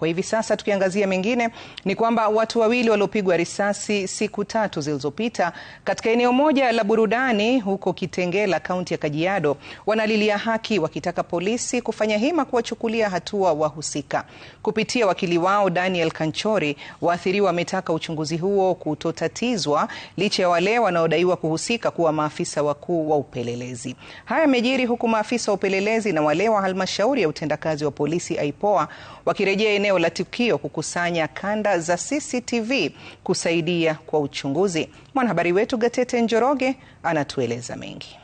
Kwa hivi sasa tukiangazia mengine ni kwamba watu wawili waliopigwa risasi siku tatu zilizopita katika eneo moja la burudani huko Kitengela, kaunti ya Kajiado, wanalilia haki wakitaka polisi kufanya hima kuwachukulia hatua wahusika. Kupitia wakili wao Daniel Kanchori, waathiriwa wametaka uchunguzi huo kutotatizwa licha ya wale wanaodaiwa kuhusika kuwa maafisa wakuu wa upelelezi. Haya yamejiri huku maafisa wa upelelezi na wale wa halmashauri ya utendakazi wa polisi aipoa wakirejea eneo eneo la tukio kukusanya kanda za CCTV kusaidia kwa uchunguzi. Mwanahabari wetu Gatete Njoroge anatueleza mengi.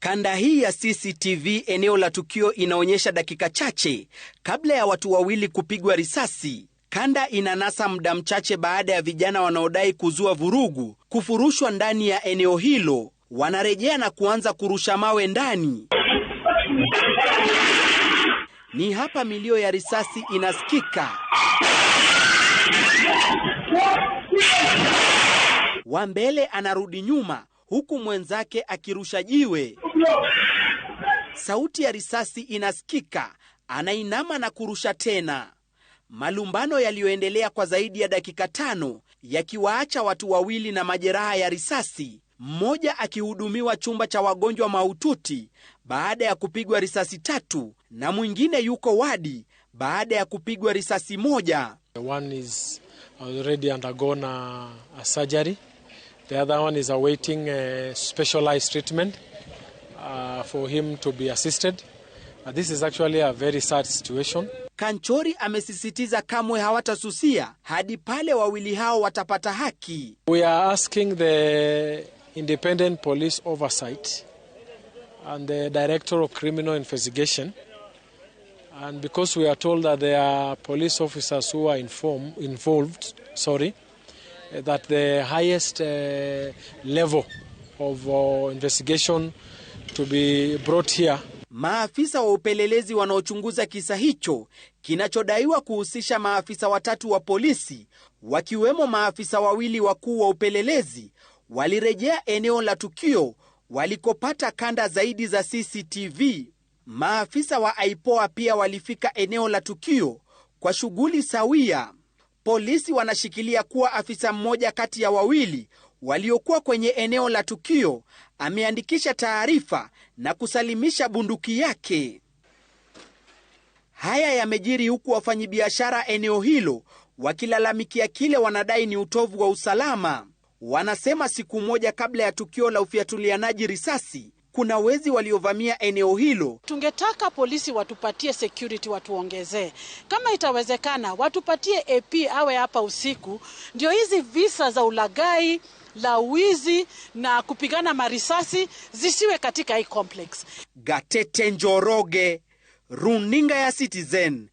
Kanda hii ya CCTV eneo la tukio inaonyesha dakika chache kabla ya watu wawili kupigwa risasi. Kanda inanasa muda mchache baada ya vijana wanaodai kuzua vurugu kufurushwa ndani ya eneo hilo, wanarejea na kuanza kurusha mawe ndani ni hapa milio ya risasi inasikika. Wa mbele anarudi nyuma huku mwenzake akirusha jiwe. Sauti ya risasi inasikika. Anainama na kurusha tena. Malumbano yaliyoendelea kwa zaidi ya dakika tano yakiwaacha watu wawili na majeraha ya risasi mmoja akihudumiwa chumba cha wagonjwa mahututi baada ya kupigwa risasi tatu na mwingine yuko wadi baada ya kupigwa risasi moja. One is already undergone a, surgery. The other one is awaiting a specialized treatment uh, for him to be assisted. Uh, this is actually a very sad situation. Kanchori amesisitiza kamwe hawatasusia hadi pale wawili hao watapata haki. We are asking the independent police oversight and the director of criminal investigation. And because we are told that there are police officers who are inform, involved, sorry, eh, that the highest uh, level of uh, investigation to be brought here. Maafisa wa upelelezi wanaochunguza kisa hicho kinachodaiwa kuhusisha maafisa watatu wa polisi wakiwemo maafisa wawili wakuu wa upelelezi walirejea eneo la tukio walikopata kanda zaidi za CCTV. Maafisa wa Aipoa pia walifika eneo la tukio kwa shughuli sawia. Polisi wanashikilia kuwa afisa mmoja kati ya wawili waliokuwa kwenye eneo la tukio ameandikisha taarifa na kusalimisha bunduki yake. Haya yamejiri huku wafanyabiashara eneo hilo wakilalamikia kile wanadai ni utovu wa usalama. Wanasema siku moja kabla ya tukio la ufiatulianaji risasi kuna wezi waliovamia eneo hilo. Tungetaka polisi watupatie security, watuongezee kama itawezekana, watupatie AP awe hapa usiku, ndio hizi visa za ulagai la wizi na kupigana marisasi zisiwe katika hii complex. Gatete Njoroge, runinga ya Citizen.